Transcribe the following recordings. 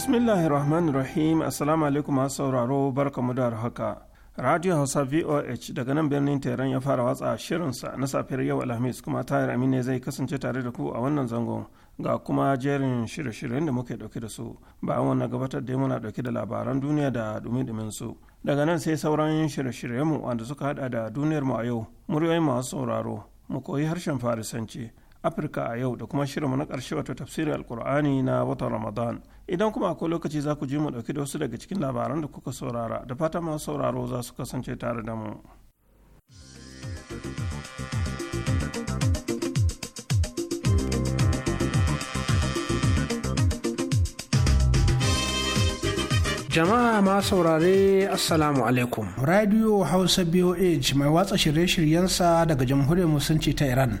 Bismillahirrahmanirrahim Assalamu alaikum masu sauraro barkamu da haka. Radio Hausa VOH daga nan birnin Teran ya fara watsa shirinsa na safiyar yau Alhamis kuma tayar amine zai kasance tare da ku a wannan zangon ga kuma jerin shirye-shiryen da muke dauke da su bayan wannan gabatar da muna dauke da labaran duniya da dumi-dumin su. Daga nan sai sauran shirye shiryen mu wanda suka hada da duniyar mu a yau, muryoyin masu sauraro, mu koyi harshen Farisanci, afirka a yau da kuma shirinmu na ƙarshe wato tafsirin alkur'ani na watan ramadan idan kuma akwai lokaci za ku ji mu ɗauki da wasu daga cikin labaran da kuka saurara da fata masu sauraro za su kasance tare da mu jama'a ma saurare assalamu alaikum radio hausa boh mai watsa shirye-shiryensa daga jamhuriyar musulunci ta iran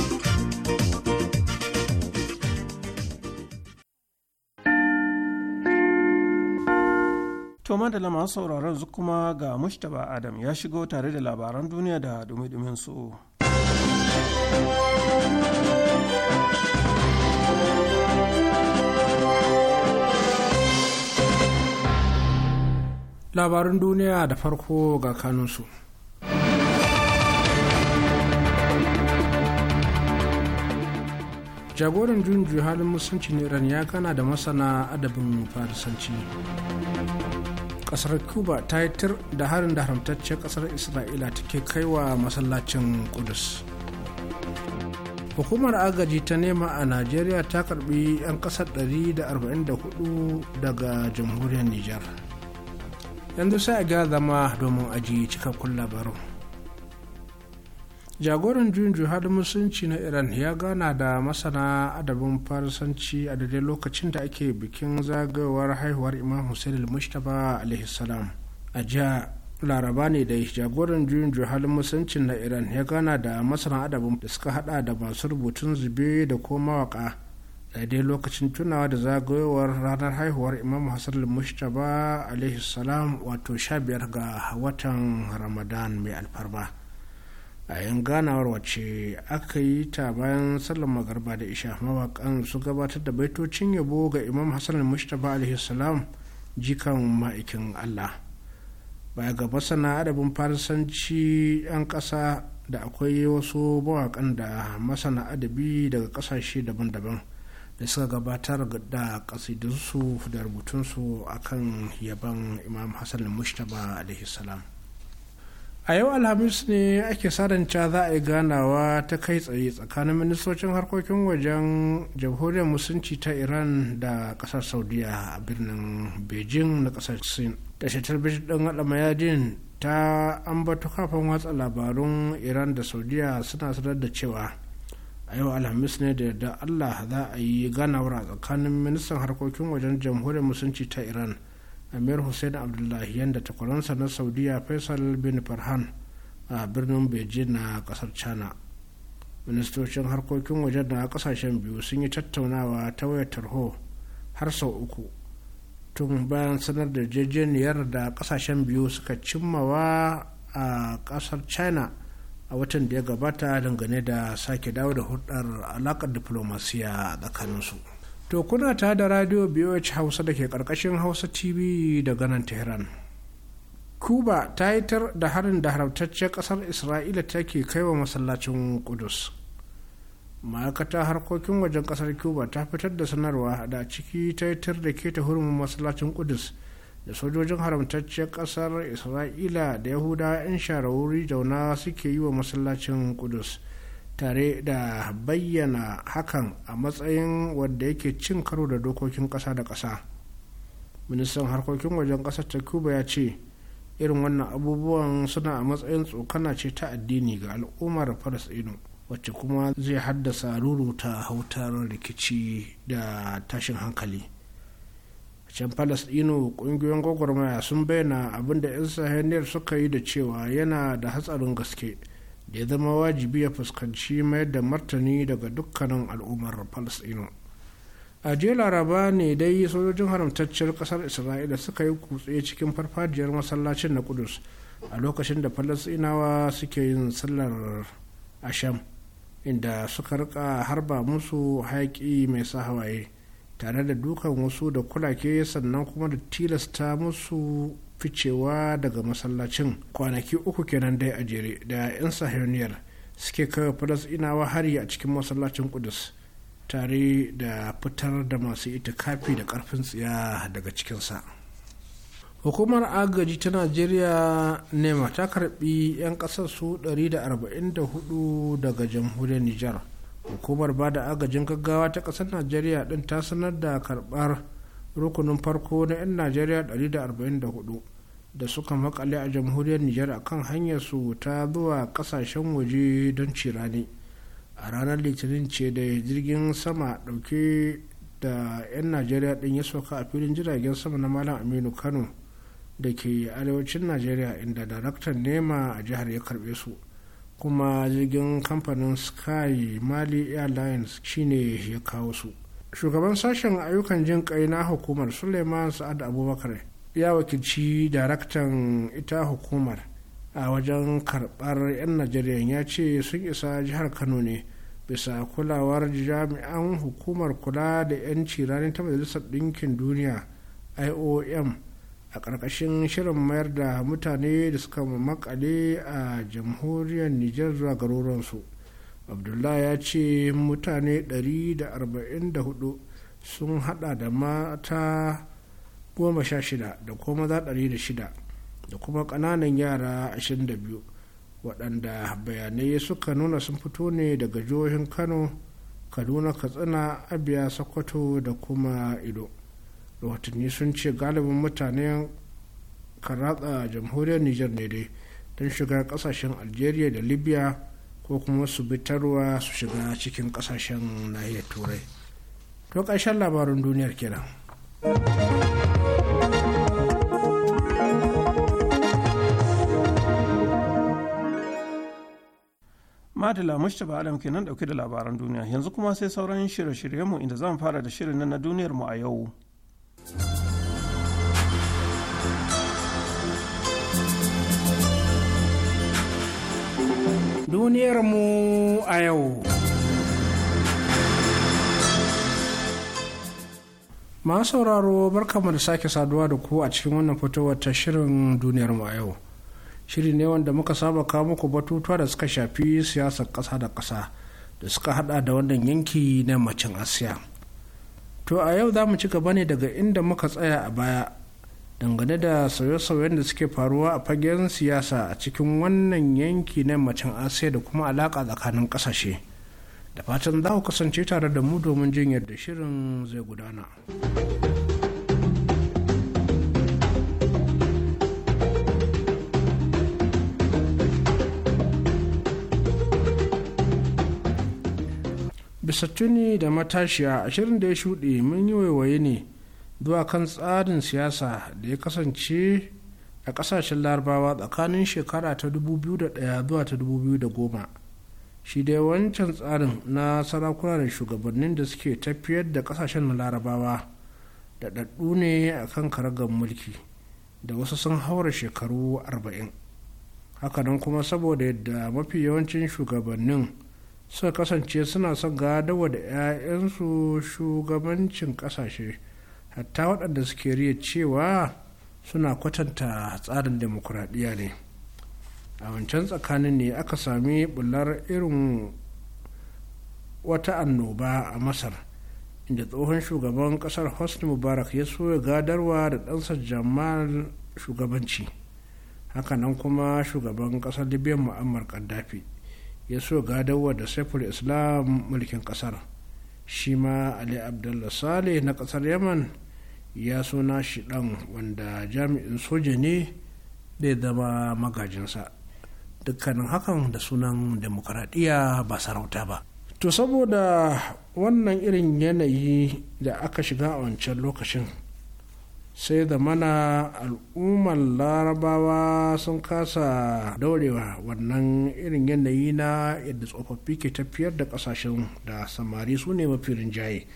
To da masu sauraron su kuma ga Mustapha Adam ya shigo tare da labaran duniya da dumi su. Labarin duniya da farko ga kanunsu. jagoran junju halin musulunci iran ya kana da masana adabin farisanci kasar cuba ta yi tir da harin da haramtaccen kasar isra'ila take wa masallacin kudus hukumar agaji ta nema a najeriya ta karbi 'yan kasar 144 daga jamhuriyar Nijar. yanzu sai a ga zama domin ajiye cikakkun labarun. jagoran juyin halin musulunci na iran ya gana da masana adabin farsanci a daidai lokacin da ake bikin zagayowar haihuwar imam hussein al-mustapha a.s. a jiya laraba ne da jagoran juyin halin musulunci na iran ya gana da masana adabin da suka hada da masu rubutun zube da ko mawaka daidai lokacin tunawa da zagayowar ranar haihuwar imam hassan al-mustapha a.s. wato 15 ga watan ramadan mai alfarma a yan ganawar wace aka yi ta bayan sallar magarba da isha mawakan su gabatar da baitocin yabo ga imam hassan mustapha alaihi salam jikan ma'aikin allah baya ga masana adabin farisanci 'yan ƙasa da akwai wasu mawakan da masana adabi daga ƙasashe daban-daban da suka gabatar da ƙasidinsu da rubutunsu akan yaban imam hassan mustapha alaihi salam a yau alhamis ne ake saranta za a yi ganawa ta kai tsaye tsakanin ministocin harkokin wajen jamhuriyar musulunci ta iran da kasar saudiya a birnin beijing na kasar sin da shatar ɗin haɗa mayajin ta ambato kafin watsa labarun iran da saudiya suna sanar da cewa a yau alhamis ne da yarda allah za a yi ganawar a tsakanin ministan harkokin wajen jamhuriyar musulunci ta iran amir hussein abdullahi yadda takwaransa na saudiya faisal bin farhan a birnin beijing na kasar china ministocin harkokin wajen na kasashen biyu sun yi tattaunawa ta wayar tarho har sau uku tun bayan sanar da jejeniyar da kasashen biyu suka cimmawa a kasar china a watan da ya gabata dangane da sake dawo da hudar alakar diplomasiya tsakaninsu. to kuna ta da radio boh hausa da ke ƙarƙashin hausa tv daga nan tehran cuba ta yi tar da harin da haramtacciyar ƙasar isra'ila take wa masallacin kudus ma'aikata harkokin wajen ƙasar cuba ta fitar da sanarwa da ciki ta yi tar da keta hurumin masallacin kudus da sojojin haramtacciyar ƙasar isra'ila da yahudawa 'yan wuri zauna suke yi wa masallacin kudus tare da bayyana hakan a matsayin wadda yake cin karo da dokokin kasa da kasa ministan harkokin wajen ƙasar ta cuba ya ce irin wannan abubuwan suna a matsayin tsokana ce ta addini ga al'ummar falasɗinu wacce kuma zai haddasa ruruta hautar rikici da tashin hankali can falasɗinu ƙungiyoyin gwagwarmaya sun bayyana abin da 'yan sahaniyar suka yi da cewa yana da hatsarin gaske da ya zama wajibi ya fuskanci mayar da martani daga dukkanin al'ummar palestino a jiya laraba ne dai sojojin haramtacciyar kasar isra'ila suka yi kutse cikin farfajiyar masallacin na kudus a lokacin da palestinawa suke yin sallar asham inda suka rika harba musu haƙi mai sa hawaye tare da dukan wasu da kulake sannan kuma da tilasta musu ficewa daga masallacin kwanaki uku kenan dai a jere da 'yan sahiyoniyar suke falas inawa hari a cikin masallacin kudus tare da fitar da masu itikafi da karfin tsiya daga cikinsa hukumar agaji ta najeriya nema ta karbi 'yan kasar su 144 daga jamhuriyar nijar hukumar ba da agajin gaggawa ta kasar najeriya din ta sanar da karbar rukunin farko na 'yan najeriya 144 da suka makale a jamhuriyar nijar akan hanyar su ta zuwa kasashen waje don cirani a ranar litinin ce da jirgin sama dauke da 'yan najeriya din ya sauka a filin jiragen sama na malam aminu kano da ke arewacin najeriya inda daraktan nema a jihar ya karbe su kuma jirgin kamfanin sky mali airlines shine ya kawo su shugaban sashen ayyukan jin kai na hukumar suleiman sa'ad abubakar ya wakilci daraktan ita hukumar a wajen karɓar 'yan najeriya ya ce sun isa jihar kano ne bisa kulawar jami'an hukumar kula da 'yanci ranar ta majalisar ɗinkin duniya iom a ƙarƙashin shirin mayar da mutane da suka makale a jamhuriyar nijar zuwa garuruwansu abdullah ya ce mutane 144 sun hada da mata goma sha shida da kuma maza ɗari da shida da kuma ƙananan yara ashirin da biyu waɗanda bayanai suka nuna sun fito ne daga jihohin kano kaduna katsina abia sokoto da kuma ido rahotanni sun ce galibin mutanen karatsa jamhuriyar niger ne dai don shiga kasashen algeria da libya ko kuma su bitarwa su shiga cikin kasashen nahiyar turai to ƙarshen labarin duniyar kenan. Madala Mustapha Adam kenan dauke da labaran duniya yanzu kuma sai sauran shirye-shiryenmu inda zan fara da shirin na duniyar mu a yau. Duniyar mu a yau. Masu sauraro barkamu da sake saduwa da ku a cikin wannan fitowar ta shirin duniyar mu a yau. shiri ne wanda muka saba kawo muku batutuwa da suka shafi siyasar ƙasa da ƙasa da suka hada da wannan yanki na macin asiya to a yau za mu ci gaba ne daga inda muka tsaya a baya dangane da sauye-sauyen da suke faruwa a fagen siyasa a cikin wannan yanki na macin asiya da kuma alaƙa tsakanin ƙasashe da fatan za ku kasance tare da mu domin jin yadda shirin zai gudana. bisa tuni da matashiya ashirin da ya shuɗe mun yi waiwaye ne zuwa kan tsarin siyasa da ya kasance a ƙasashen larabawa tsakanin shekara ta 2001 zuwa ta 2010 shi da wancan tsarin na sarakuna da shugabannin da suke tafiyar da ƙasashen larabawa da ɗaɗɗu ne a kan karagar mulki da wasu sun haura shekaru 40 hakanan kuma saboda yadda mafi yawancin shugabannin suka kasance suna son gadawa da 'ya'yansu shugabancin ƙasashe hatta waɗanda suke riya cewa suna kwatanta tsarin demokuraɗiyya ne a wancan tsakanin ne aka sami bular irin wata annoba a masar inda tsohon shugaban kasar hosni mubarak ya so ya gadarwa da ɗansa jamal shugabanci hakanan kuma shugaban kasar libya mu'ammar gaddafi ya so gadawa da saiful islam mulkin kasar shi ma ali abdullah saleh na kasar yaman ya so shi dan wanda jami'in soja ne zai zama magajinsa dukkanin hakan da sunan demokaradiyya ba sarauta ba to saboda wannan irin yanayi da aka shiga a wancan lokacin sai da mana al'ummar larabawa sun kasa daurewa wannan irin yanayi na yadda tsofaffi ke tafiyar da kasashen da samari su ne mafi rinjaye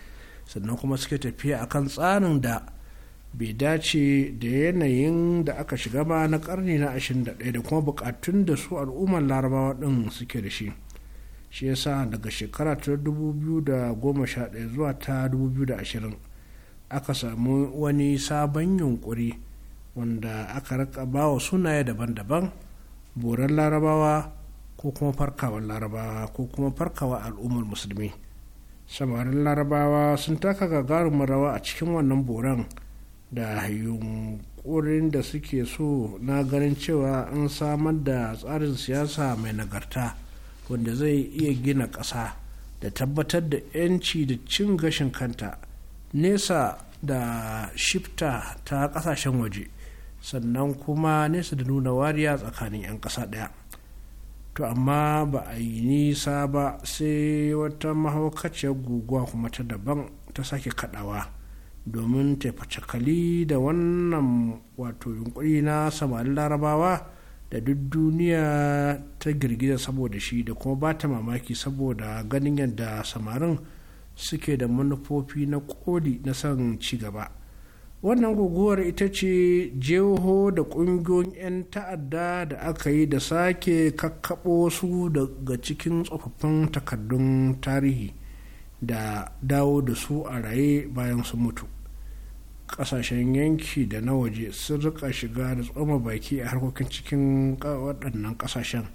sannan kuma suke tafiya a kan tsarin da bai dace da yanayin da aka shiga ba na karni na 21 da kuma bukatun da su al'ummar larabawa din suke da shi shi yasa daga shekara ta 2011 zuwa ta 2020 aka samu wani sabon yunkuri wanda aka raka wa sunaye daban-daban boran larabawa ko kuma farkawa larabawa ko kuma farkawa al'ummar musulmi samarin larabawa sun taka gagarumin rawa a cikin wannan boran da yunkurin da suke so na ganin cewa an samar da tsarin siyasa mai nagarta wanda zai iya gina ƙasa da tabbatar da 'yanci da cin gashin kanta nesa da shifta ta kasashen waje sannan kuma nesa da nuna wariya tsakanin 'yan ƙasa ɗaya to amma ba a yi nisa ba sai wata mahaukaciyar guguwa kuma ta daban ta sake kadawa domin taifacakali da wannan wato yunkuri na samarin larabawa da duk duniya ta girgiza saboda shi da kuma ba ta mamaki saboda ganin yadda samarin suke da manufofi na koli na son ci gaba wannan guguwar ita ce jeho da ƙungiyoyin 'yan ta'adda da aka yi da sake kakkaɓo su daga cikin tsofaffin takardun tarihi da dawo da su a raye bayan su mutu ƙasashen yanki da na waje sun rika shiga da tsoma baki a harkokin cikin waɗannan ƙasashen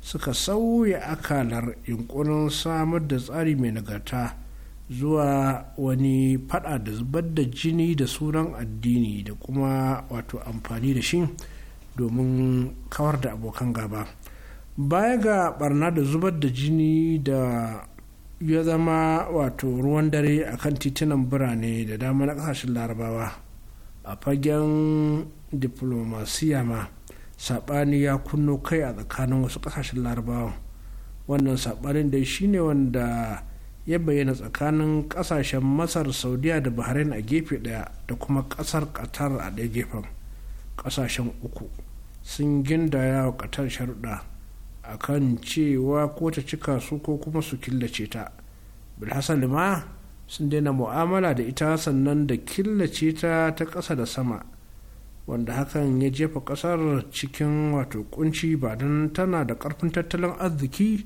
suka sauya akalar yunkurin samar da tsari mai nagarta zuwa wani fada da zubar da jini da sunan addini da kuma wato amfani da shi domin kawar da abokan gaba baya ga barna da zubar da jini da ya zama wato ruwan dare a kan titunan birane da dama na kasashen larabawa a fagen diplomasiya ma saɓani ya kunno kai a tsakanin wasu kasashen larabawa wannan saɓanin da shine wanda ya bayyana tsakanin kasashen masar saudiya da bahrain a gefe daya da kuma kasar qatar a ɗaya gefen kasashen uku sun gindaya wa qatar sharuɗa a kan cewa ko ta cika su ko kuma su killace ta bilhassan ma sun daina mu'amala da ita sannan da killace ta ta ƙasa da sama wanda hakan ya jefa ƙasar cikin wato kunci ba don tana da ƙarfin tattalin arziki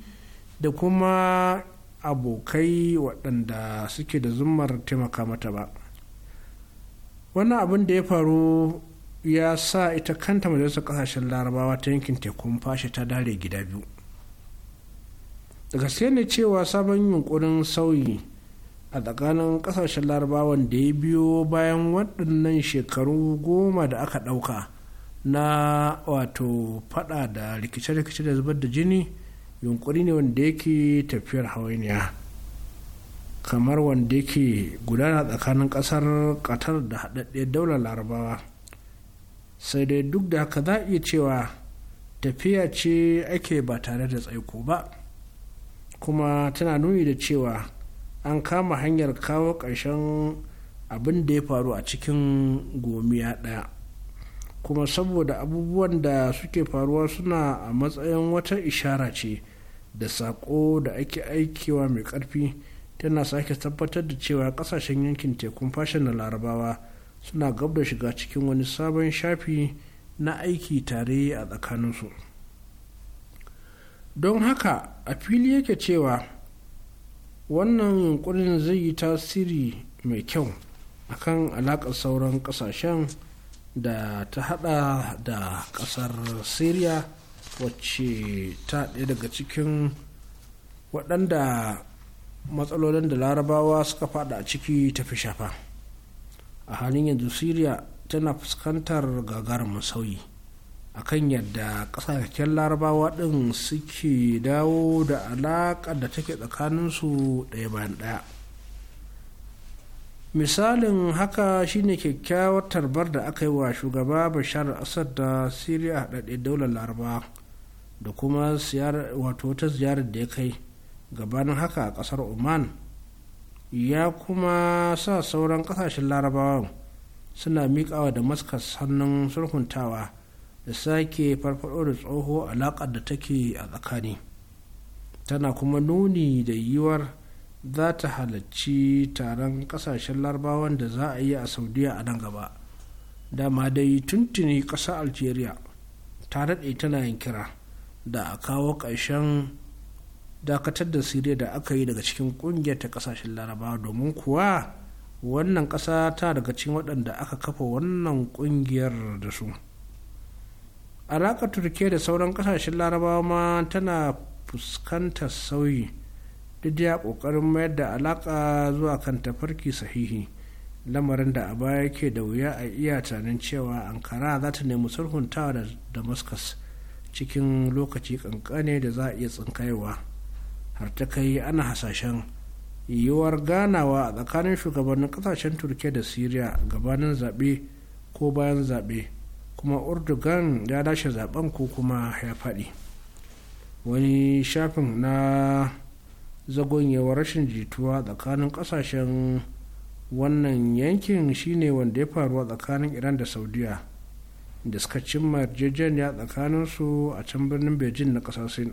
da kuma abokai waɗanda suke da zumar taimaka mata ba wani abin da ya faru ya sa ita kanta majalisar ƙasashen larabawa ta yankin tekun fashi ta dare gida biyu daga gaske ne cewa sabon yunkurin sauyi a tsakanin ƙasashen larabawan da ya biyo bayan waɗannan shekaru goma da aka ɗauka na wato fada da rikice-rikice da zubar da jini yunkuri ne wanda yake tafiyar hawainiya kamar wanda yake gudana tsakanin kasar qatar da haɗaɗɗiyar daular larabawa sai dai duk da haka za a iya cewa tafiya ce ake ba tare da tsaiko ba kuma tana nuni da cewa an kama hanyar kawo ƙarshen abin da ya faru a cikin gomiya ɗaya kuma saboda abubuwan da suke faruwa suna a matsayin wata ishara ce da saƙo da ake aikewa mai ƙarfi tana sake tabbatar da cewa kasashen yankin tekun fashin na larabawa suna gab da shiga cikin wani sabon shafi na aiki tare a tsakaninsu don haka a fili yake cewa wannan yunkurin zai yi tasiri mai kyau akan alaƙar sauran ƙasashen da ta hada da ƙasar syria wacce ta ɗaya daga cikin waɗanda matsalolin da larabawa suka fada a ciki ta fi shafa a halin yanzu syria tana fuskantar gagarumin sauyi kan yadda ƙasashen larabawa ɗin suke dawo da alaƙa da take tsakaninsu ɗaya bayan ɗaya misalin haka shine kyakkyawar tarbar da aka yi wa shugaba bashar asad da syria haɗaɗɗe daular larabawa da kuma wato wata ziyarar da ya kai gabanin haka a kasar oman ya kuma sa sauran kasashen larabawan suna miƙawa da maskas hannun sulhuntawa da sake farfaɗo da tsoho alaƙar da take a tsakani tana kuma nuni da yiwuwar za ta halarci taron kasashen larabawan da za a yi a saudiya a nan gaba dama dai tuntuni ƙasa algeria ta daɗe tana yin kira da a kawo ƙarshen dakatar da siriya da aka yi daga cikin ƙungiyar ta ƙasashen larabawa domin kuwa wannan ƙasa ta daga cikin waɗanda aka kafa wannan ƙungiyar da su alaƙar Turkiyya da sauran ƙasashen larabawa ma tana fuskantar sauyi duk ya ƙoƙarin mayar da alaƙa zuwa kan tafarki sahihi lamarin da a baya yake da wuya a iya tunanin cewa ankara za ta nemi sulhuntawa da damascus cikin lokaci kankane da za a iya tsinkayewa har ta kai ana hasashen yiwuwar ganawa a tsakanin shugabannin kasashen turkiya da syria gabanin zaɓe ko bayan zaɓe kuma urdugan ya lashe zaben ko kuma ya faɗi wani shafin na zagonyewar rashin jituwa tsakanin kasashen wannan yankin shine wanda ya faruwa tsakanin iran da saudiya da suka cimma yarjejeniya su a can birnin beijing na ƙasar sin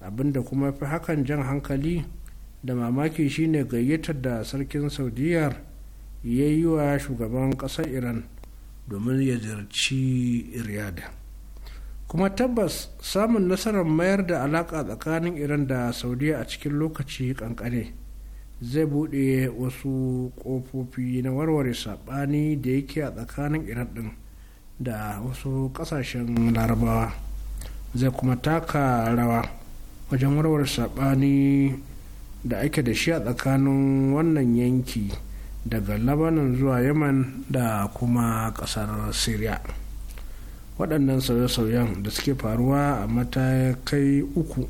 abinda kuma fi hakan jan hankali da mamaki shine gayyatar da sarkin saudiyar ya yi wa shugaban ƙasar iran domin ya ziyarci riyadh kuma tabbas samun nasarar mayar da alaƙa tsakanin iran da saudiya a cikin lokaci kankane zai buɗe wasu ƙofofi na warware saɓani da yake a tsakanin iran ɗin da wasu kasashen larabawa zai kuma taka rawa wajen warware sabani da ake da shi a tsakanin wannan yanki daga labanan zuwa yaman da kuma ƙasar syria waɗannan sauye-sauyen da suke faruwa a matakai uku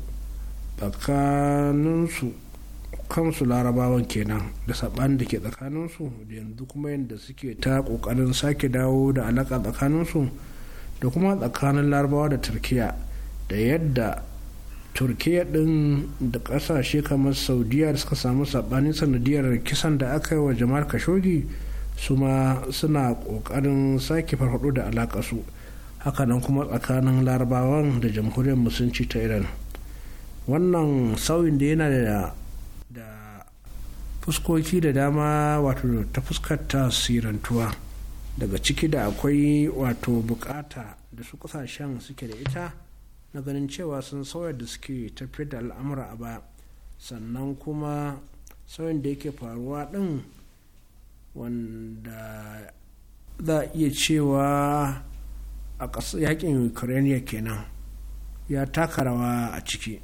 tsakaninsu kansu larabawan kenan da saɓan da ke tsakaninsu da yanzu kuma yadda suke ta ƙoƙarin sake dawo da alaƙa tsakaninsu da kuma tsakanin larabawa da turkiya da yadda turkiya ɗin da ƙasashe kamar saudiya da suka samu saɓanin sanadiyar kisan da aka yi wa jamar kashogi su ma suna ƙoƙarin sake farfaɗo da alaƙa su hakanan kuma tsakanin larabawan da jamhuriyar musulunci ta iran wannan sauyin da yana da fuskoki da dama wato ta fuskar sirantuwa daga ciki da akwai wato bukata da su kasashen suke da ita na ganin cewa sun sauya da suke tafiyar da al'amura a baya sannan kuma sauyin da yake faruwa ɗin wanda za a iya cewa a yakin ukraine kenan ya taka rawa a ciki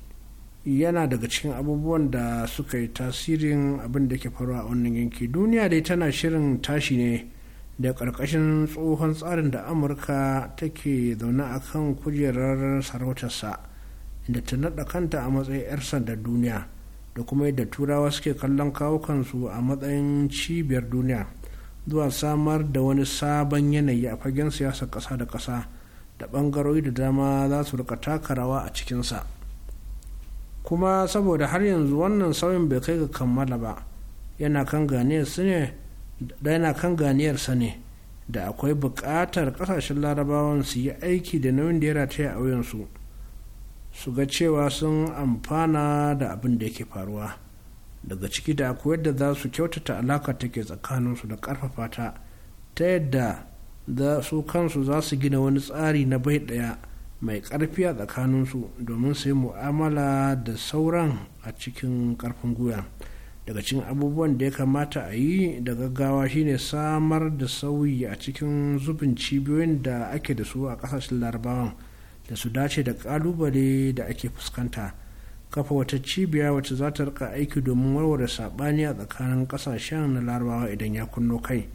yana daga cikin abubuwan da suka yi tasirin abin da ke faruwa a wannan yanki duniya dai tana shirin tashi ne da ƙarƙashin tsohon tsarin da amurka take zaune a kan kujerar sarautarsa da ta naɗa kanta a matsayin 'yar sandar duniya da kuma yadda turawa suke kallon kawo kansu a matsayin cibiyar duniya zuwa samar da wani sabon yanayi a fagen siyasar ƙasa da ƙasa da ɓangarori da dama za su rika takarawa a cikinsa. kuma saboda har yanzu wannan sauyin bai kai ga kammala ba yana kan ganiyarsa ne da akwai buƙatar ƙasashen larabawan su yi aiki da nauyin da ya rataya a wuyansu su ga cewa sun amfana da abin da yake faruwa daga ciki da akwai yadda za su kyautata alaka take tsakaninsu da ƙarfafa ta ta yadda su kansu za su gina wani tsari na bai ɗaya mai ƙarfi a tsakaninsu domin su yi mu'amala da sauran a cikin ƙarfin gwiwa daga cikin abubuwan da ya kamata a yi da gaggawa shine samar da sauyi a cikin zubin cibiyoyin da ake da su a ƙasashen larabawan da su dace da ƙalubale da ake fuskanta kafa wata cibiya wacce za ta rika aiki domin warware saɓani a tsakanin ƙasashen na larabawa idan ya kunno kai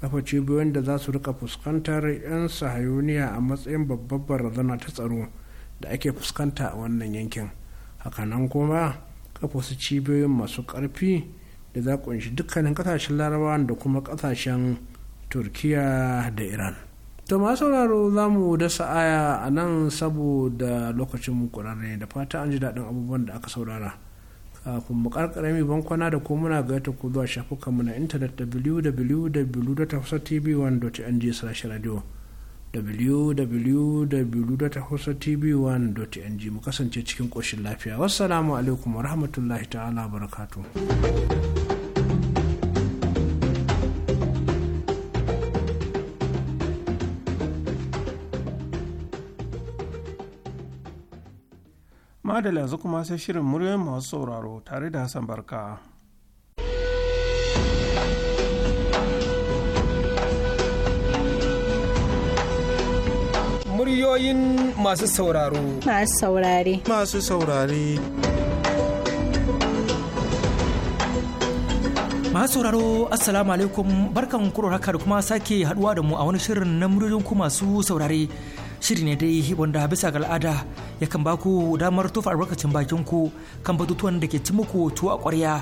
kafa cibiyoyin da za su rika fuskantar 'yan sahayuniya a matsayin babbar barazana ta tsaro da ake fuskanta a wannan yankin hakanan kuma kafa su cibiyoyin masu karfi da za kunshi dukkanin kasashen larabawa da kuma kasashen turkiya da iran to masu sauraro za mu dasa aya a nan saboda lokacin mu da fata an ji daɗin abubuwan da aka saurara kafin mu karkare mai bankwana da ko muna ta ku zuwa mu na intanet www.hausatv1.ng slash radio www.hausatv1.ng mu kasance cikin ƙoshin lafiya wassalamu alaikum warahmatullahi rahmatullahi ta'ala barakatu. madala yanzu kuma sai shirin muryoyin masu sauraro tare da hassan barka muryoyin masu sauraro masu saurare masu saurare masu sauraro assalamu alaikum barkan kuro da kuma sake haduwa da mu a wani shirin na muryoyin ku masu saurare shiri ne dai wanda bisa ga al'ada ya kan ba ku damar tofa albarkacin bakin ku kan batutuwan da ke ci muku tuwo a ƙwarya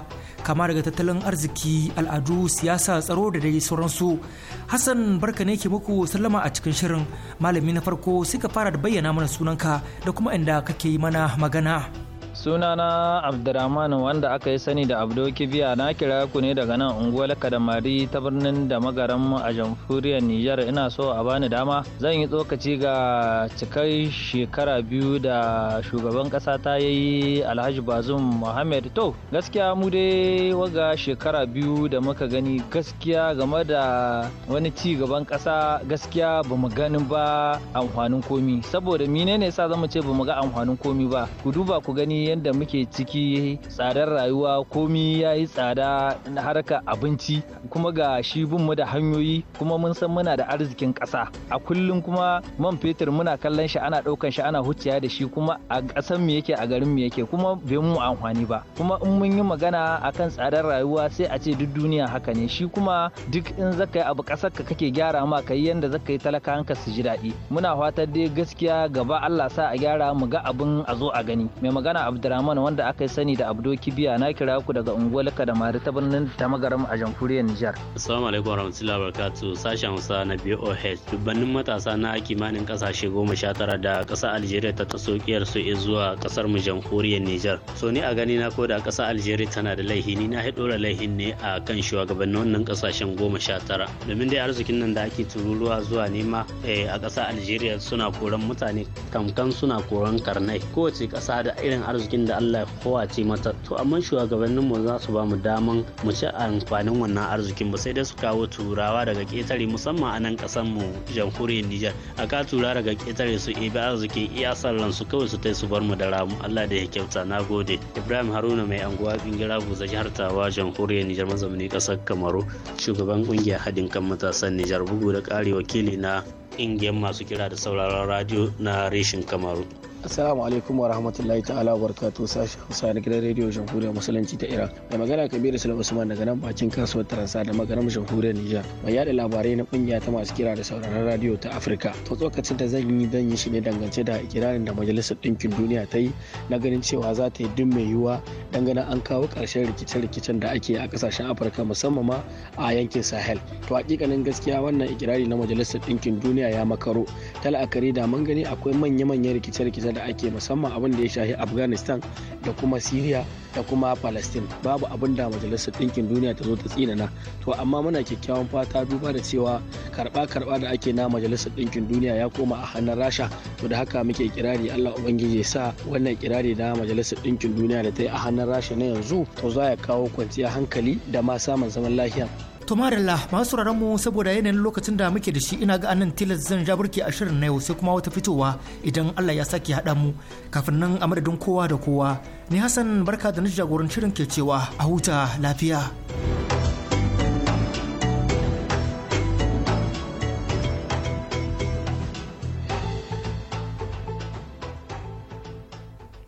kama daga tattalin arziki al'adu siyasa tsaro da dai sauransu hassan barka ne ke muku sallama a cikin shirin malami na farko sai ka fara da bayyana mana sunanka da kuma inda kake yi mana magana. sunana abdurrahman wanda aka yi sani da abdo kibiya na kira ku ne daga nan unguwar kadamari ta birnin da magaran a jamhuriyar niger ina so a bani dama zan yi tsokaci ga cikai shekara biyu da shugaban kasa ta yi alhaji bazum mohammed to gaskiya mu dai waga shekara biyu da muka gani gaskiya game da wani ci gaban kasa gaskiya ba mu ganin ba amfanin komi saboda menene sa zamu ce ba mu ga amfanin komi ba ku duba ku gani da muke ciki tsadar rayuwa komi ya yi tsada na harkar abinci kuma ga shi bin mu da hanyoyi kuma mun san muna da arzikin ƙasa a kullum kuma man fetur muna kallon shi ana ɗaukan shi ana huciya da shi kuma a ƙasan mu yake a garin mu yake kuma bai mu amfani ba kuma in mun yi magana akan tsadar rayuwa sai a ce duk duniya haka ne shi kuma duk in zaka yi abu ƙasar ka kake gyara ma kai yanda zaka yi talakawanka su ji daɗi muna fatan dai gaskiya gaba Allah sa a gyara mu ga abin a zo a gani mai magana abdulrahman wanda aka yi sani da abdo kibiya na kira ku daga unguwar da ta birnin tamagaram a jamhuriyar nijar assalamu alaikum warahmatullahi wabarakatuh sashen hausa na boh dubbannin matasa na kimanin kasashe goma sha tara da ƙasar algeria ta taso kiyar su zuwa kasar mu jamhuriyar nijar so ni a gani na ko da ƙasar algeria tana da laihi ni na da laihin ne a kan shugabannin wannan ƙasashen goma sha tara domin dai arzikin nan da ake tururuwa zuwa nema eh, a ƙasar algeria suna koran mutane kamkan suna koran karnai kowace ƙasa da irin arziki arzikin da Allah ya kowace mata to amma shugabannin mu za su ba mu daman mu ci amfanin wannan arzikin ba sai dai su kawo turawa daga ketare musamman a nan kasan mu jamhuriyar Nijar a ka tura daga ketare su ebi arzikin iya sallan su kawai su tai su bar mu da ramu Allah da ya kyauta na gode Ibrahim Haruna mai anguwa bingira buza jihar Tawa jamhuriyar Nijar mazauni kasar Kamaru shugaban kungiyar hadin kan matasan Nijar bugu da ƙari wakili na ingiyar masu kira da sauraron radio na reshin Kamaru. Assalamu alaikum wa rahmatullahi ta'ala wa barakatuh sashen Hausa na gidan rediyo Jamhuriyar Musulunci ta Iran. Mai magana Kabiru Sule Usman daga nan bakin kasuwar Taransa da maganar Jamhuriyar Nijar. Mai yada labarai na kungiya ta masu kira da sauraron radiyo ta Afirka. To tsokacin da zan yi dan yi shi ne dangance da kirarin da Majalisar Dinkin Duniya ta yi na ganin cewa za ta yi duk mai yiwuwa dangane an kawo ƙarshen rikice-rikicen da ake a kasashen Afirka musamman ma a yankin Sahel. To hakikanin gaskiya wannan ikirari na Majalisar Dinkin Duniya ya makaro. Tal'akari da mun gani akwai manya-manyan rikice-rikice da ake musamman abin da ya shafi afghanistan da kuma syria da kuma palestine babu abin da majalisar ɗinkin duniya ta zo ta tsinana to amma muna kyakkyawan fata duba da cewa karba karba da ake na majalisar ɗinkin duniya ya koma a hannun rasha to da haka muke kirari allah ubangiji ya sa wannan kirari na majalisar ɗinkin duniya da ta yi a hannun rasha na yanzu to za ya kawo kwanciyar hankali da ma samun zaman lafiya To marilla masu mu saboda yanayin lokacin da muke da shi ina ga anan tilas zan jaburke a shirin na yau sai kuma wata fitowa idan Allah ya sake haɗa mu kafin nan a madadin kowa da kowa. Ni Hassan barka da na jagoran shirin ke cewa a huta lafiya.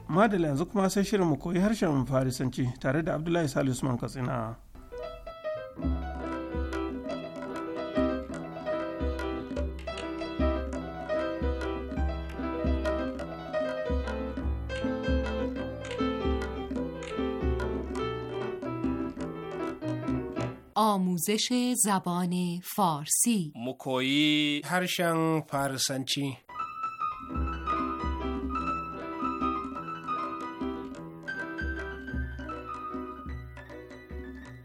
Madalla yanzu kuma sai shirin mu koyi harshen Farisanci tare da Abdullahi Salisu Katsina. آموزش زبان فارسی مکویی هرشن فارسنچی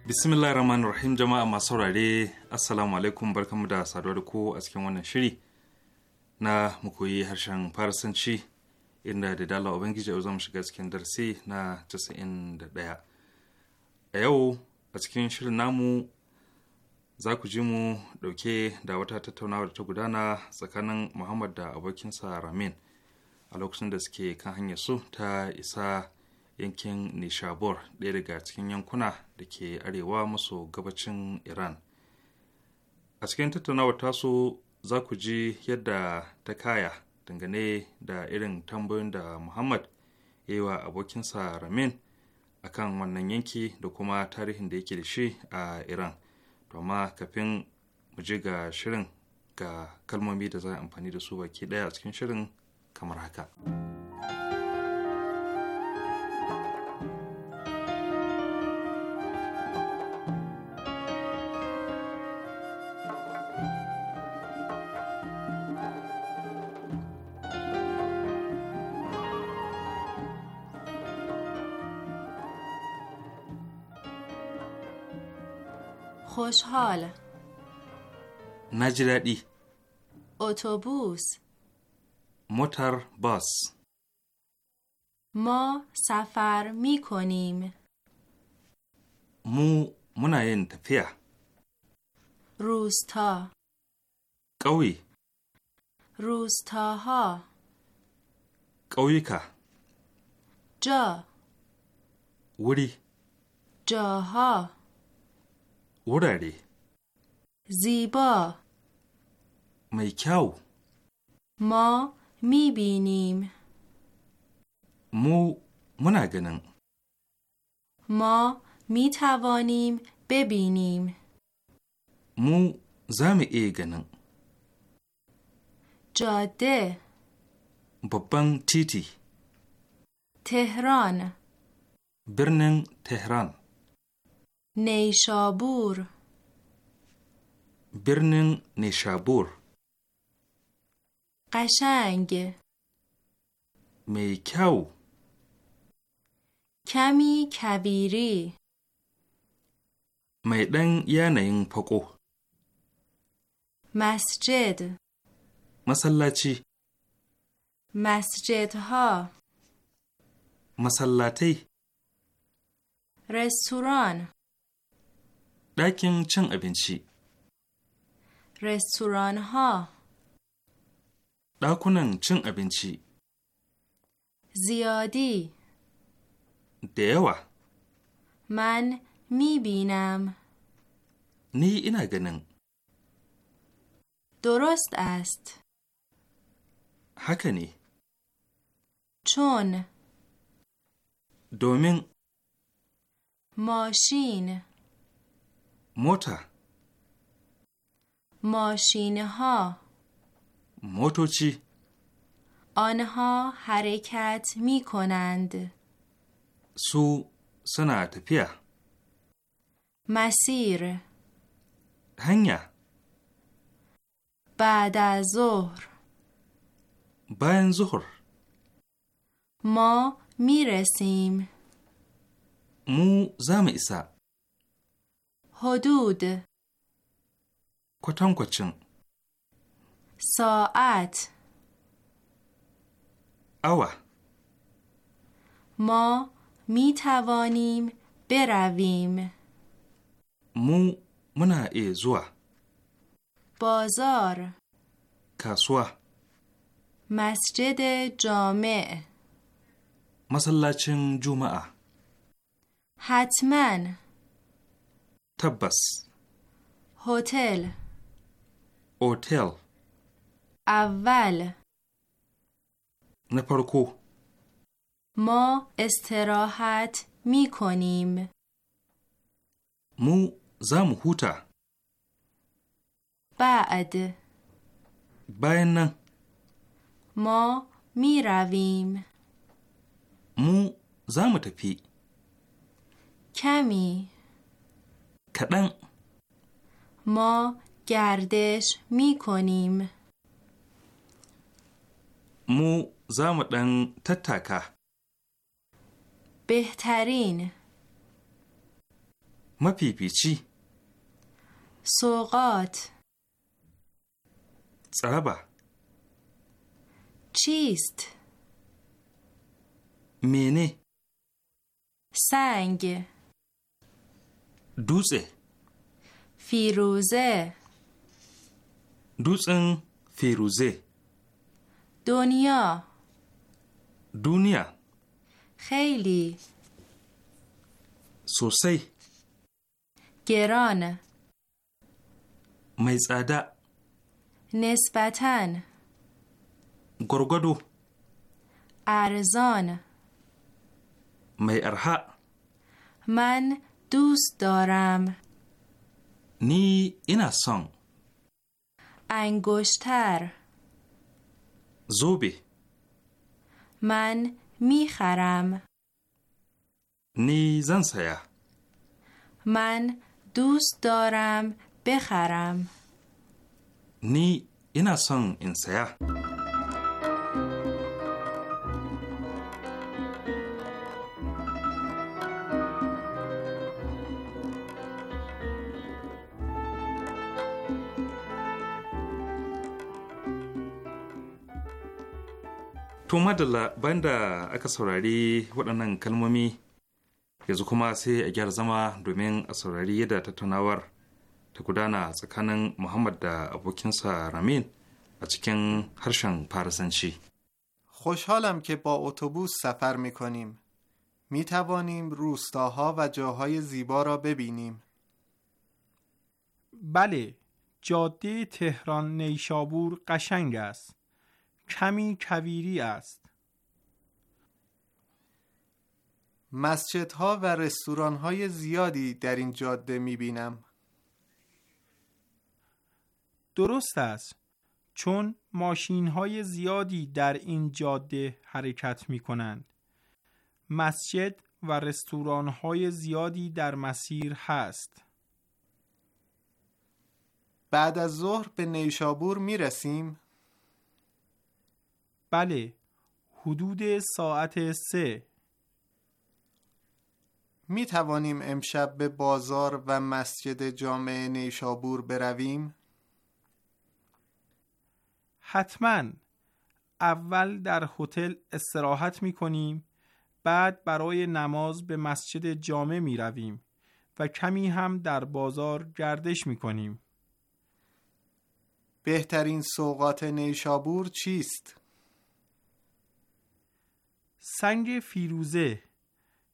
bismillah rahman rahim jama'a masu saurare assalamu alaikum barkamu da saduwa da ku a cikin wannan shiri na mu koyi harshen farasanci inda da dala ubangiji yau zamu shiga cikin darasi na 91 a yau a cikin shirin namu za ku ji mu dauke da wata tattaunawa da ta gudana tsakanin muhammad da abokinsa ramin a lokacin da suke kan hanyar su ta isa yankin nishabor ɗaya daga cikin yankuna da ke arewa maso gabacin iran a cikin tattaunawar taso za ku ji yadda ta kaya dangane da irin tambayoyin da muhammad ya yi wa abokinsa ramin akan wannan yanki da kuma tarihin da yake da shi a iran to kafin mu je ga shirin ga kalmomi da za a amfani da su baki ɗaya a cikin shirin kamar haka. خوشحال مجردی اتوبوس موتر باس ما سفر می کنیم مو مناین تفیه روستا قوی روستاها ƙauyuka جا وری جاها wurare Zibo! mai kyau ma mi binim mu muna ganin ma mi tawanim bebinim mu za mu iya ganin jade babban titi tehran birnin tehran نیشابور برنن نیشابور قشنگ میکو کمی کبیری میدن یعنی پاکو مسجد مسلاتی مسجدها مسلاتی رستوران ɗakin cin abinci. Restaurant ha. ɗakunan cin abinci. Ziyadi. Da yawa. Man mi binam. Ni ina ganin. Dorost ast. Haka ne. Chon. Domin. Mashin. موتا ماشین ها آنها حرکت می کنند سو سنا پیا مسیر هنیا بعد از ظهر بعد ظهر ما میرسیم مو زم ایسا حدود کچن ساعت اوه ما می توانیم برویم مو منا ای زوا بازار کسوا. مسجد جامع مسلاچن جمعه حتماً تبس هتل هتل اول نپارکو ما استراحت می کنیم مو زم هوتا بعد بین ما می رویم مو زم تپی کمی کدن ما گردش می کنیم مو زامدن تتاکه بهترین ما چی سوقات سربا چیست مینه سنگ دوزه فیروزه دوزن فیروزه دنیا دنیا خیلی سوسی گران میزاده نسبتا گرگدو ارزان میرها من دوست دارم نی اینا سان انگشتر زوبی من میخرم نی زن سیا من دوست دارم بخرم نی اینا سان این To madalla banda aka saurari waɗannan kalmomi yanzu kuma sai a gyara zama domin a saurari yadda tattaunawar ta gudana tsakanin Muhammad da abokinsa Ramin a cikin harshen Farisanci. خوشحالم که با اتوبوس سفر می کنیم. می توانیم روستاها و جاهای زیبا را ببینیم. بله، جاده تهران نیشابور قشنگ است. کمی کویری است. مسجدها و های زیادی در این جاده بینم. درست است چون ماشین های زیادی در این جاده حرکت کنند. مسجد و های زیادی در مسیر هست. بعد از ظهر به نیشابور رسیم، بله حدود ساعت سه می توانیم امشب به بازار و مسجد جامع نیشابور برویم؟ حتما اول در هتل استراحت می کنیم بعد برای نماز به مسجد جامع می رویم و کمی هم در بازار گردش می کنیم بهترین سوقات نیشابور چیست؟ سنگ فیروزه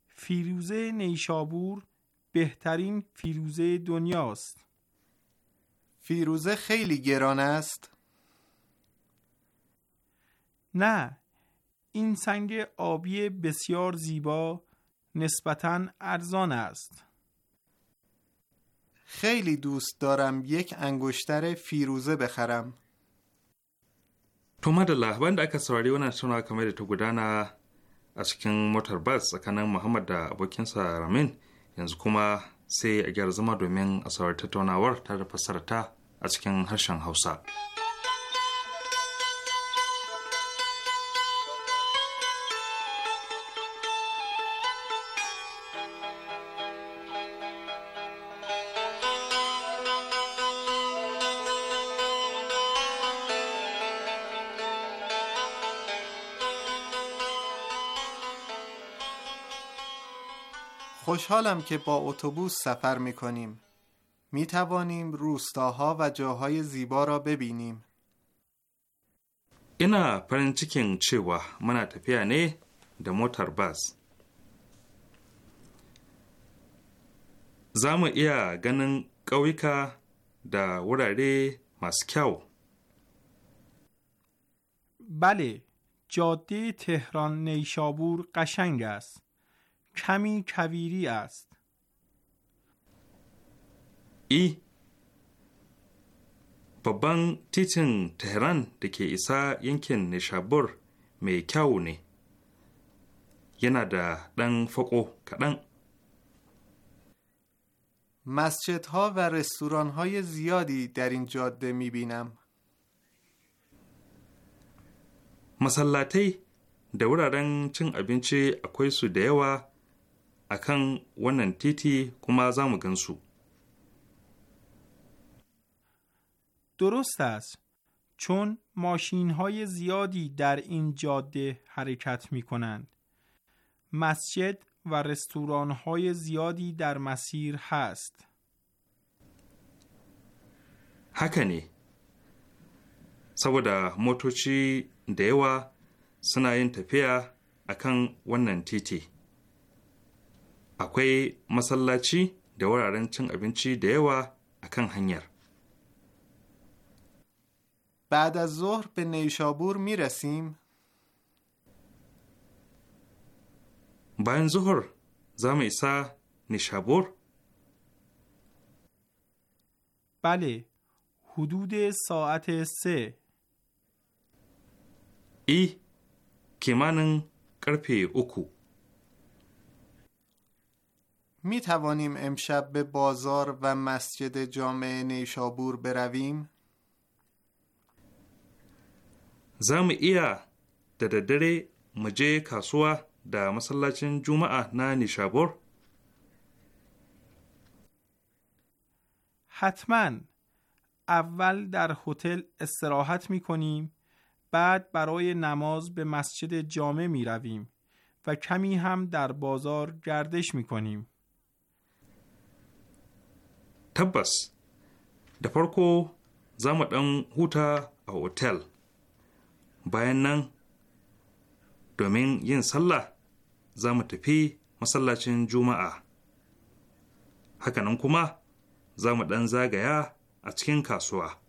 فیروزه نیشابور بهترین فیروزه دنیاست فیروزه خیلی گران است نه این سنگ آبی بسیار زیبا نسبتا ارزان است خیلی دوست دارم یک انگشتر فیروزه بخرم تو مدل banda aka و wannan تو تو تو a cikin motar bas tsakanin muhammad da abokinsa ramin yanzu kuma sai a gyara zama domin a tattaunawar ta da fassarta a cikin harshen hausa. خوشحالم که با اتوبوس سفر می کنیم. می توانیم روستاها و جاهای زیبا را ببینیم. اینا فرین چیکن چوا منا تفیا نه موتر باز. زامو ایا گنن iya ganin ƙauyuka وراره wurare بله جاده تهران قشنگ است. کمی کویری است ای بابان تیتن تهران دکی ایسا ینکن نشابور می کونی ینا دا دن فقو کدن مسجد ها و رستوران های زیادی در این جاده می بینم مسلاتی دورا دن چن ابینچی اکویسو دیوا اکن ون تیتی کوم زامگن سو درست است چون ماشینهای زیادی در این جاده حرکت می کنند. مسجد و رستورانهای زیادی در مسیر هست هکه نی سبود موتوچی د یوه سنا ین تفیه ا akwai masallaci da wuraren cin abinci da yawa a kan hanyar. Bada zuwar bane shabur mira sim. Bayan zuhur za mu isa Nishabur? Bale, hudude sa’ate se. I, kimanin karfe uku. می توانیم امشب به بازار و مسجد جامع نیشابور برویم؟ زم ایا دددره مجه کاسوا دا مسلاچن جمعه نا نیشابور؟ حتما اول در هتل استراحت می کنیم بعد برای نماز به مسجد جامع می رویم و کمی هم در بازار گردش می کنیم. tabbas da farko za mu ɗan huta a otel bayan nan domin yin sallah za mu tafi masallacin juma'a hakanan kuma za mu ɗan zagaya a cikin kasuwa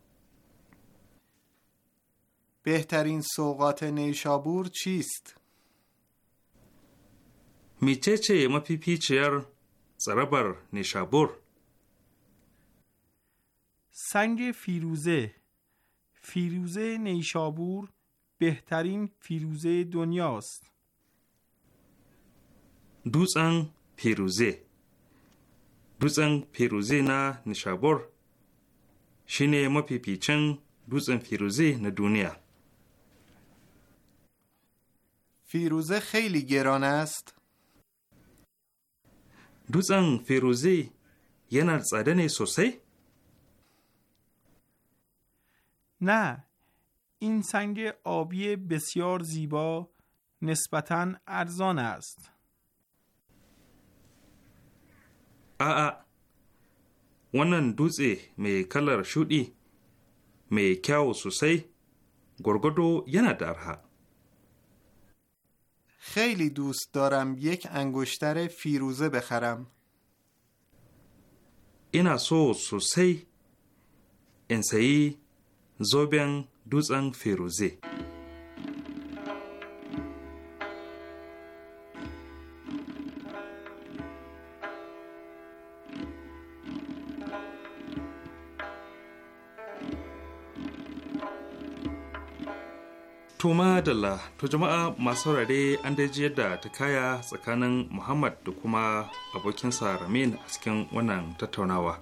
بهترین سوقات نیشابور چیست؟ میچه چه ciyar tsarabar زربر نیشابور سنگ فیروزه فیروزه نیشابور بهترین فیروزه دنیاست دوزن فیروزه دوزن فیروزه نه نیشابور شینه مفیفیچن دوزن فیروزه نه دنیا فیروزه خیلی گران است دوزن فیروزه یه نرزادن سوسی؟ نه این سنگ آبی بسیار زیبا نسبتا ارزان است آ wannan dutse mai kalar شودی می kyawu sosai گرگدو یه درها خیلی دوست دارم یک انگشتر فیروزه بخرم اینا سو سوسی انسایی zoben dutsen feroze. Tuma la to jama'a masu saurare an daji yadda ta kaya tsakanin Muhammad da kuma abokinsa Ramin a cikin wannan tattaunawa.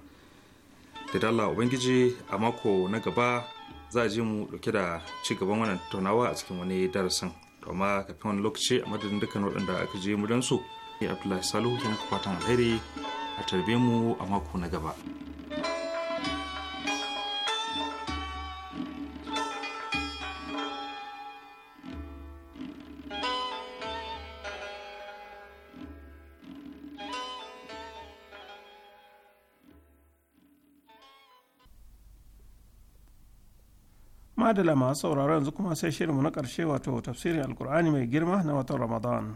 Da dala Ubangiji a mako na gaba za a ji mu dauke da ci gaban wannan tattaunawa a cikin wani darasin to amma kafin wani lokaci a madadin dukkan waɗanda aka je mu dan su ni abdullahi salihu ke muku fatan alheri a tarbe mu a mako na gaba. madala masu sauraro yanzu kuma sai shirinmu na ƙarshe wato tafsirin alkur'ani mai girma na watan ramadan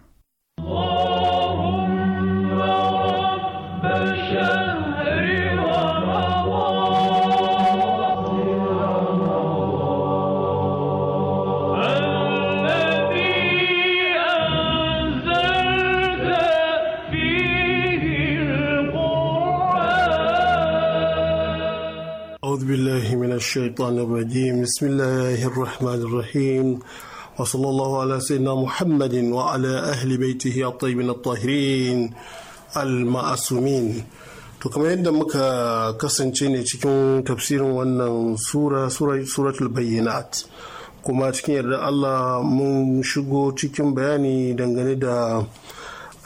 أعوذ بالله من الشيطان الرجيم بسم الله الرحمن الرحيم وصلى الله على سيدنا محمد وعلى أهل بيته الطيبين الطاهرين المعصومين kamar yadda muka kasance ne cikin tafsirin wannan sura suratul bayyinat kuma cikin yarda Allah mun shigo cikin bayani dangane da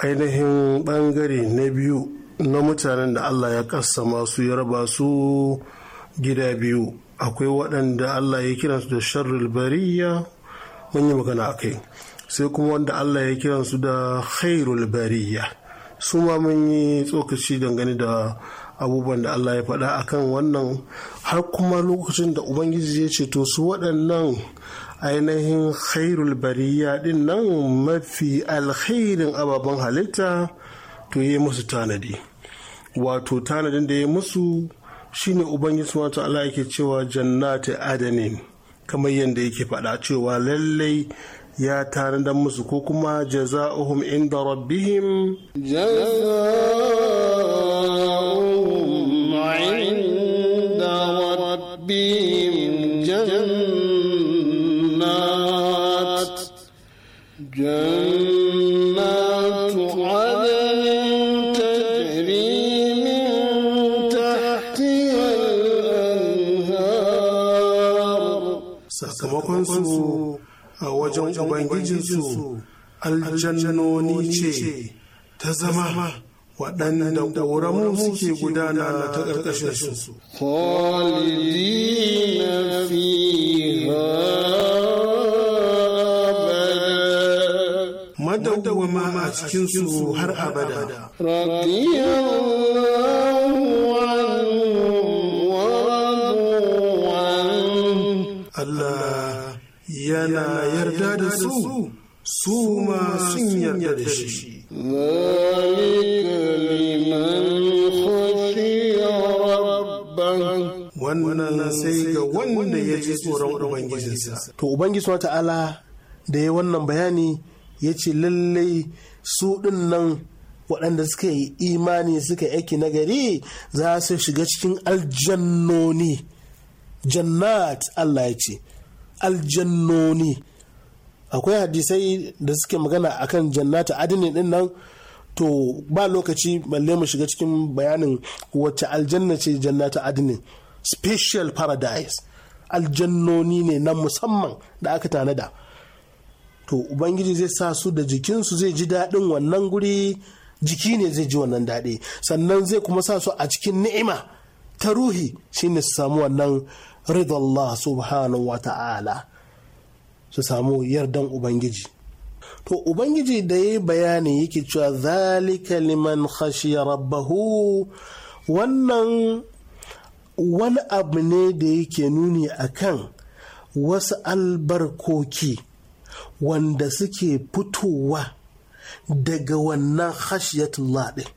ainihin bangare na biyu na mutanen da Allah ya kassama masu ya raba su gida biyu akwai waɗanda Allah ya kiransu da sharrul bariya mun yi magana a kai sai kuma wanda Allah ya kiransu da khairul bariya su ma mun yi tsokaci dangane da abubuwan da Allah ya faɗa akan wannan har kuma lokacin da Ubangiji ya ce to su waɗannan ainihin khairul bariya ɗin nan mafi alkhairin ababen halitta to ya musu tanadi wato tanadin da ya musu shine ubangiji wa ta'ala yake cewa jannati adanin kamar yadda yake faɗa cewa lallai ya tare da musu ko kuma jaza'uhum inda rabbihim jaza'uhum inda rabbihim ubangijinsu aljannoni ce ta zama waɗanda ƙoramu suke gudana ta ƙarƙashinsu. Madawwama a cikinsu har abada. su su ma sun yarda da shi wannan sai ga wanda ya ji tsoron ubangijinsa to ubangiji ta'ala da ya wannan bayani ya ce lallai su ɗin nan waɗanda suka yi imani suka aiki nagari za su shiga cikin aljannoni jannat Allah ya ce aljannoni akwai hadisai da suke magana akan jannata adini din nan to ba lokaci balle mu shiga cikin bayanin wacce aljanna ce jannata adinin special paradise aljannoni ne na musamman da aka tanada to ubangiji zai sa su da jikinsu zai ji daɗin wannan guri jiki ne zai ji wannan daɗi sannan zai kuma sa su a cikin ni'ima ta ruhi shine su samu wannan ridallah subhanahu wa ta'ala su samu yardan ubangiji to ubangiji da ya bayani yake cewa zalika liman khashiya rabbahu wannan wani abu ne da yake nuni a kan wasu albarkoki wanda suke fitowa daga wannan khashiyatullah ɗin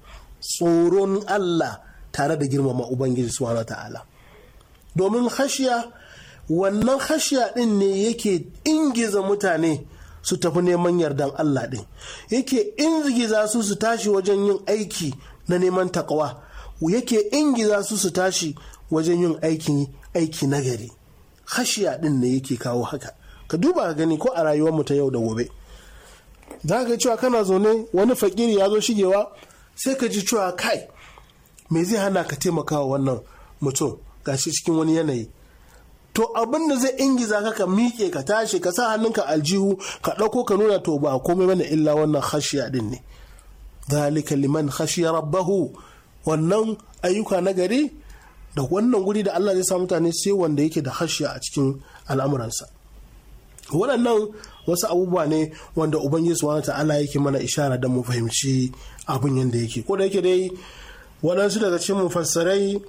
tsoron Allah tare da girmama Ubangiji subhanahu ta'ala domin khashiya wannan hashiya ɗin ne yake ingiza mutane su tafi neman yardan Allah ɗin yake ingiza su su tashi wajen yin aiki na neman takawa yake ingiza su su tashi wajen yin aiki aiki nagari hashiya ɗin ne yake kawo haka ka duba ka gani ko a rayuwarmu ta yau da gobe za ka cewa kana zaune wani fakiri ya zo shigewa sai ka ji cewa kai me zai hana ka taimakawa wannan mutum gashi cikin wani yanayi to abin da zai ingiza ka ka miƙe ka tashi ka sa hannunka aljihu ka ɗauko ka nuna to ba komai bane illa wannan khashiya din ne dalika liman khashiya rabbahu wannan ayyuka na gari da wannan guri da Allah zai sa mutane sai wanda yake da khashiya a cikin al'amuransa waɗannan wasu abubuwa ne wanda ubangiji subhanahu ta'ala yake mana ishara da mu fahimci abin yanda yake ko da yake dai waɗansu daga cikin mufassarai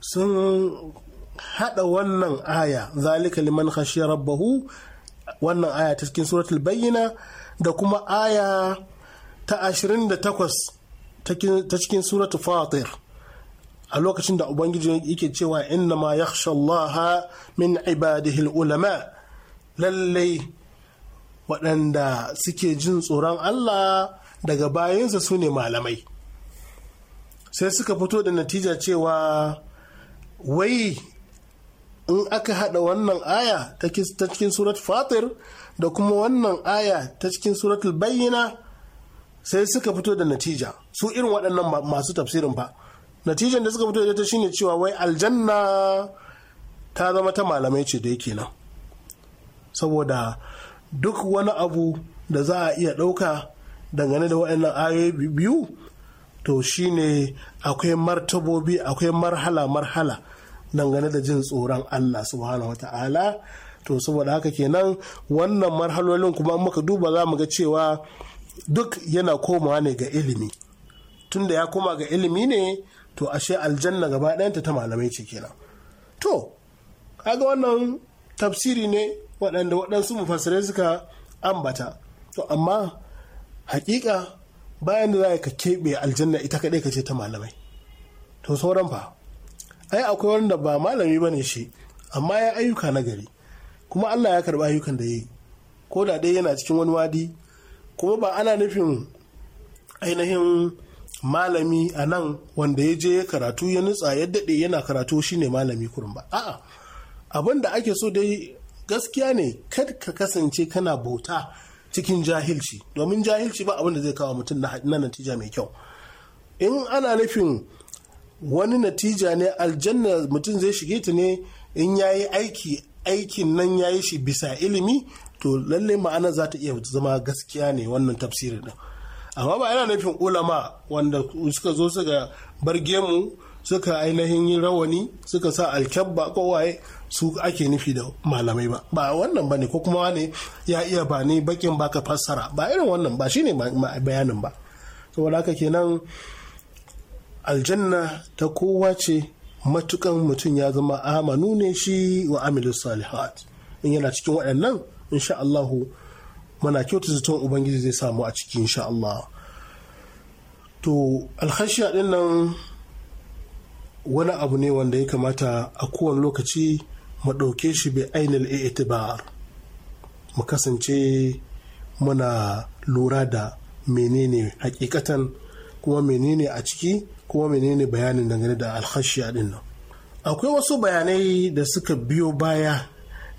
sun hada wannan aya zalika liman khashiya rabbahu wannan aya ta cikin suratul bayyina da kuma aya ta 28 ta cikin suratul fatir a lokacin da ubangiji yake cewa inna ma yakhsha Allah min ibadihi ulama lallai waɗanda suke jin tsoron Allah daga bayansa su ne malamai sai suka fito da natija cewa wai in aka haɗa wannan aya ta cikin surat fatir da kuma wannan aya ta cikin surat bayyina sai suka fito da natija su irin waɗannan masu tafsirin fa natijan da suka fito da ta shine cewa wai aljanna ta zama ta malamai ce da yake nan saboda duk wani abu da za a iya ɗauka dangane da waɗannan ayoyi biyu to shine akwai martabobi akwai marhala marhala dangane da jin tsoron Allah subhanahu wata'ala to saboda haka kenan wannan marhalolin kuma muka duba za mu ga cewa duk yana komawa ne ga ilimi tunda ya koma ga ilimi ne to ashe aljanna gaba ɗayanta ta malamai ce kenan to kaga wannan tafsiri ne waɗanda waɗansu mufassirai suka ambata to amma hakika bayan da za ka keɓe aljanna ita kaɗai ka ce ta malamai to sauran fa ai akwai wanda ba malami bane shi amma ya ayyuka na gari kuma Allah ya karba ayyukan da yi. ko da dai yana cikin wani wadi kuma ba ana nufin ainihin malami a nan wanda ya je karatu ya nutsa ya daɗe yana karatu shine malami kurum ba a'a abin da ake so dai gaskiya ne kad ka kasance kana bauta cikin jahilci domin jahilci ba abin da zai kawo mutum na natija mai kyau in ana nufin wani natija ne aljanna mutum zai shige ta ne in ya yi aiki aikin nan ya yi shi bisa ilimi to lalle ma'ana za ta iya zama gaskiya ne wannan tafsirin din amma ba yana nufin ulama wanda suka zo suka bar gemu suka ainihin yin rawani suka sa alkyabba ko su ake nufi da malamai ba ba wannan ba ne ko kuma ne ya iya ba ne bakin baka fassara ba irin wannan ba shine bayanin ba saboda haka kenan aljanna ta kowa ce matukan mutum ya zama amanu ne shi wa amilu salihat in yana cikin waɗannan insha Allahu mana kyautu zaton ubangiji zai samu a ciki insha Allah to alhashiya din nan wani abu ne wanda ya kamata a kowane lokaci mu ɗauke shi bai ainihin itibar mu kasance muna lura da menene hakikatan kuma menene a ciki kuma menene bayanin dangane da alhashiya din nan akwai wasu bayanai da suka biyo baya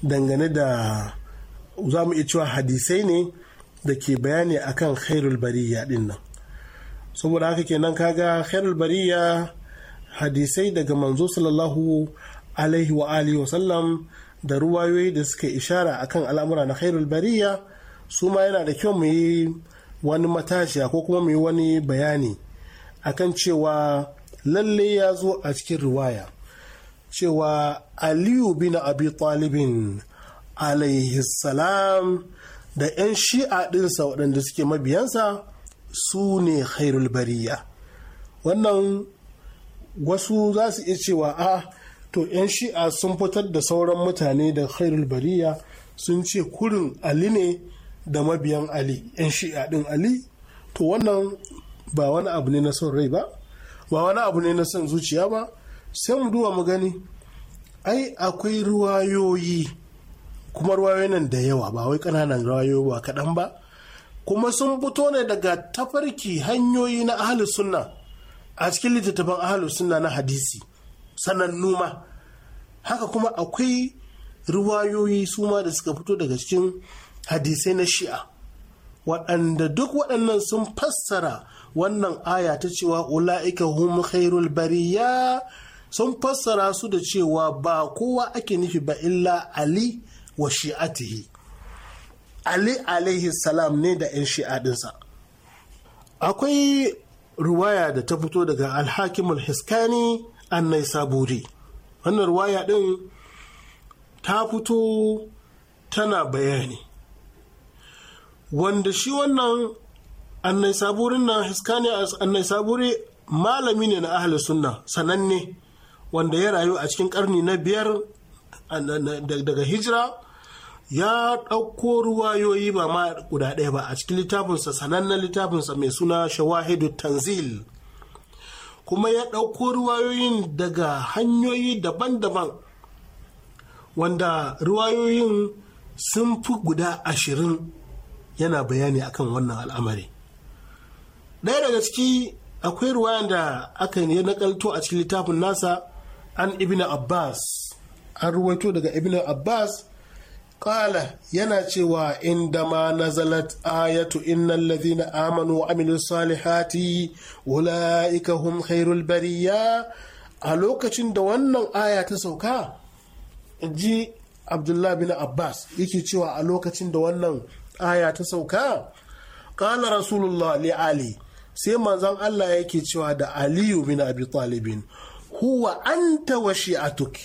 dangane da za mu iya cewa hadisai ne da ke bayani akan khairul bariya din nan saboda haka kenan kaga khairul bariya hadisai daga manzo sallallahu alaihi wa alihi wasallam da ruwayoyi da suka ishara akan al'amura na khairul bariya su ma yana da kyau mu yi wani matashiya ko kuma mai wani bayani akan cewa lalle ya zo a cikin riwaya cewa aliyu bin abi talibin alaihi salam da 'yan shi'a ɗinsa waɗanda suke mabiyansa su ne khairul bariya wannan wasu za su iya cewa a ah, to 'yan shi'a sun fitar da sauran mutane da khairul bariya sun ce kurin ali ne da mabiyan ali yan shi'a ɗin ali to wannan ba wani abu ne na son rai ba ba wani abu ne na son zuciya ba sai mu duwa mu gani ai akwai ruwayoyi kuma ruwayoyi nan da yawa ba wai ƙananan ruwayoyi ba kaɗan ba kuma sun fito ne daga tafarki hanyoyi na ahli sunna a cikin littattafan ahli sunna na hadisi sanannu ma haka kuma akwai ruwayoyi suma da suka fito daga cikin hadisai na shi'a waɗanda duk waɗannan sun fassara wannan aya ta cewa ula'ika hum khairul bariya sun fassara su da cewa ba kowa ake nufi ba illa ali wa shi'atihi ali alaihi salam ne da 'yan shi'a ɗinsa akwai ruwaya da ta fito daga alhakimul hiskani annai saburi wannan ruwaya ɗin ta fito tana bayani wanda shi wannan annai saburin nan hiskaniya annai saburi malami ne na ahli sunna sananne wanda ya rayu a cikin karni na biyar daga hijira ya ɗauko ruwayoyi ba ma guda ɗaya ba a cikin littafinsa sanannen littafinsa mai suna shawahidu tanzil kuma ya ɗauko ruwayoyin daga hanyoyi daban-daban wanda ruwayoyin sun fi guda ashirin yana bayani akan wannan al'amari ɗaya daga ciki akwai ruwayan da aka yi nakalto a cikin littafin nasa an ibn abbas an ruwaito daga ibn abbas ƙala yana cewa inda ma nazalat ayatu innal na amanu wa amilu salihati ulaika hum khairul bariya a lokacin da wannan aya ta sauka ji abdullah bin abbas yake cewa a lokacin da wannan aya ta sauka ƙana rasulullah li ali sai manzon Allah yake cewa da aliyu bin abi talibin huwa anta wa shi'atuk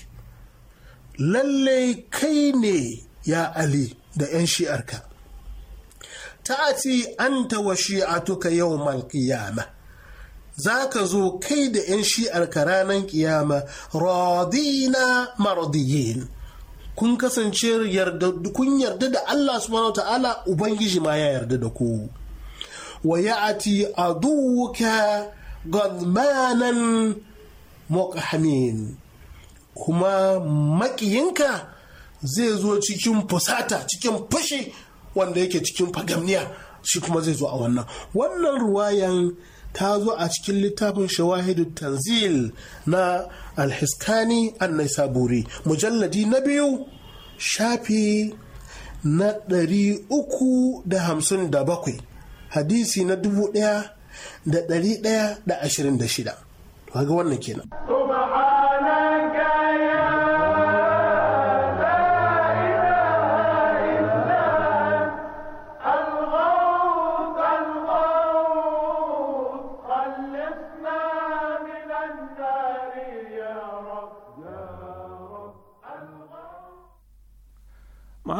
lalle kai ne ya ali da 'yan shi'arka ta'ati anta wa shi'atuka yawmal qiyamah za ka zo kai da 'yan shi'arka ranar kiyama radina maradiyin kun kasance kun yarda da Allah subhanahu ta'ala ubangiji ma ya yarda da ku wa ya'ati aduwuka gadmanan muqhamin kuma makiyinka zai zo cikin fusata cikin fashi wanda yake cikin fagamniya shi kuma zai zo a wannan wannan ruwayan ta zo a cikin littafin shawahidu tanzil na alhiskani an saburi mujalladi na biyu shafi na ɗari uku da da hamsin bakwai, hadisi na dubu ɗaya ɗaya da da da ɗari ashirin 1126 ga wannan kenan.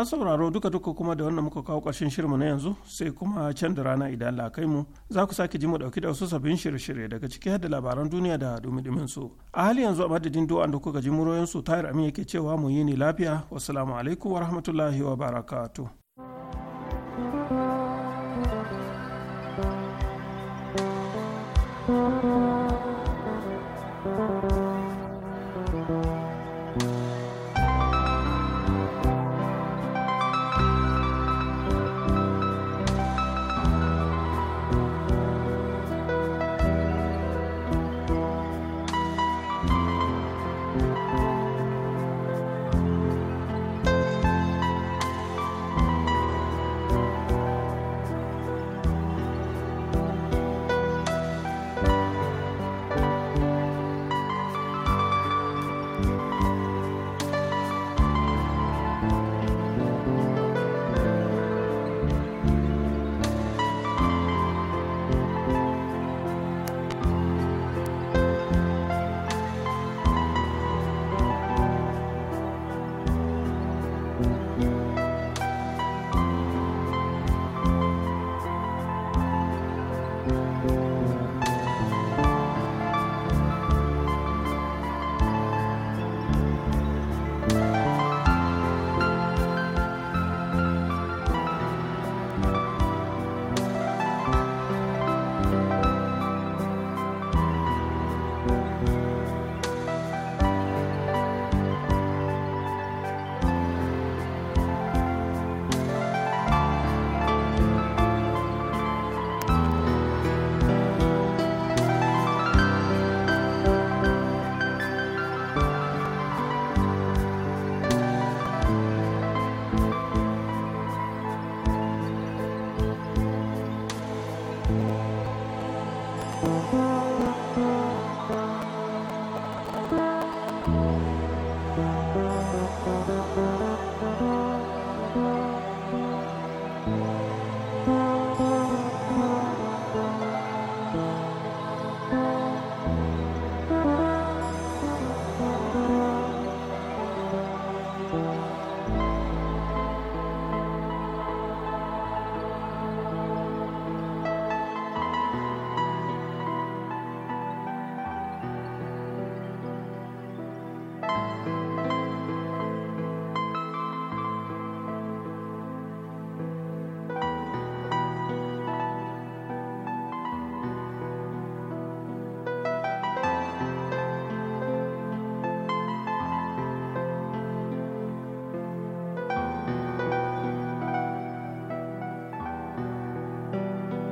an sauraro duka duka kuma da wannan muka kawo ƙarshen shirmu na yanzu sai kuma can da rana idan la kai mu za ku sake ji mu dauki da wasu sabbin shirye-shirye daga ciki da labaran duniya da dumi-dumin su a hali yanzu a madadin do'an da kuka ji muroyin su tayar amin yake cewa mu yi ne lafiya wasu alaikum wa rahmatullahi wa barakatuh